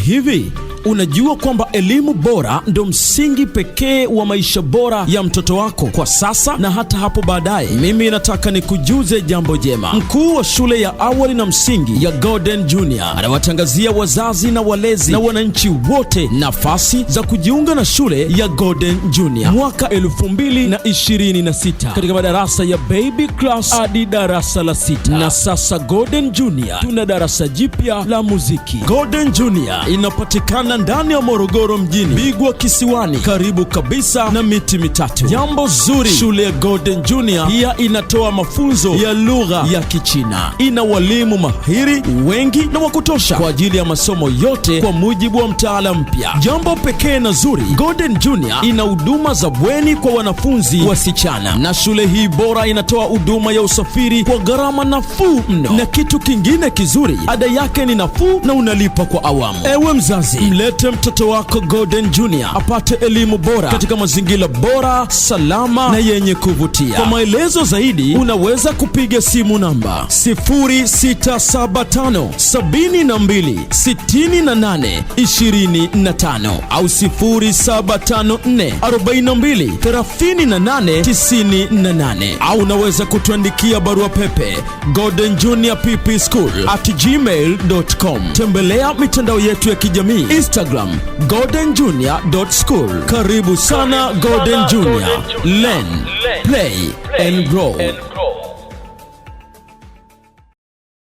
Heavy. Unajua kwamba elimu bora ndo msingi pekee wa maisha bora ya mtoto wako kwa sasa na hata hapo baadaye. Mimi nataka nikujuze jambo jema. Mkuu wa shule ya awali na msingi ya Golden Junior anawatangazia wazazi na walezi na wananchi wote nafasi za kujiunga na shule ya Golden Junior mwaka 2026 katika madarasa ya baby class hadi darasa la sita. Na sasa Golden Junior tuna darasa jipya la muziki. Golden Junior inapatikana na ndani ya Morogoro mjini, Bigwa Kisiwani, karibu kabisa na miti mitatu. Jambo zuri, shule ya Golden Junior pia inatoa mafunzo ya lugha ya Kichina. Ina walimu mahiri wengi na wa kutosha kwa ajili ya masomo yote kwa mujibu wa mtaala mpya. Jambo pekee na zuri, Golden Junior ina huduma za bweni kwa wanafunzi wasichana, na shule hii bora inatoa huduma ya usafiri kwa gharama nafuu mno, na kitu kingine kizuri, ada yake ni nafuu na unalipa kwa awamu. Ewe mzazi mlete mtoto wako Golden Junior apate elimu bora katika mazingira bora, salama na yenye kuvutia. Kwa maelezo zaidi, unaweza kupiga simu namba 0675726825 au 0754 au unaweza kutuandikia barua pepe Golden Junior pp school at gmail.com. Tembelea mitandao yetu ya kijamii Instagram Golden Junior School. Karibu sana Golden Junior, learn, play and grow.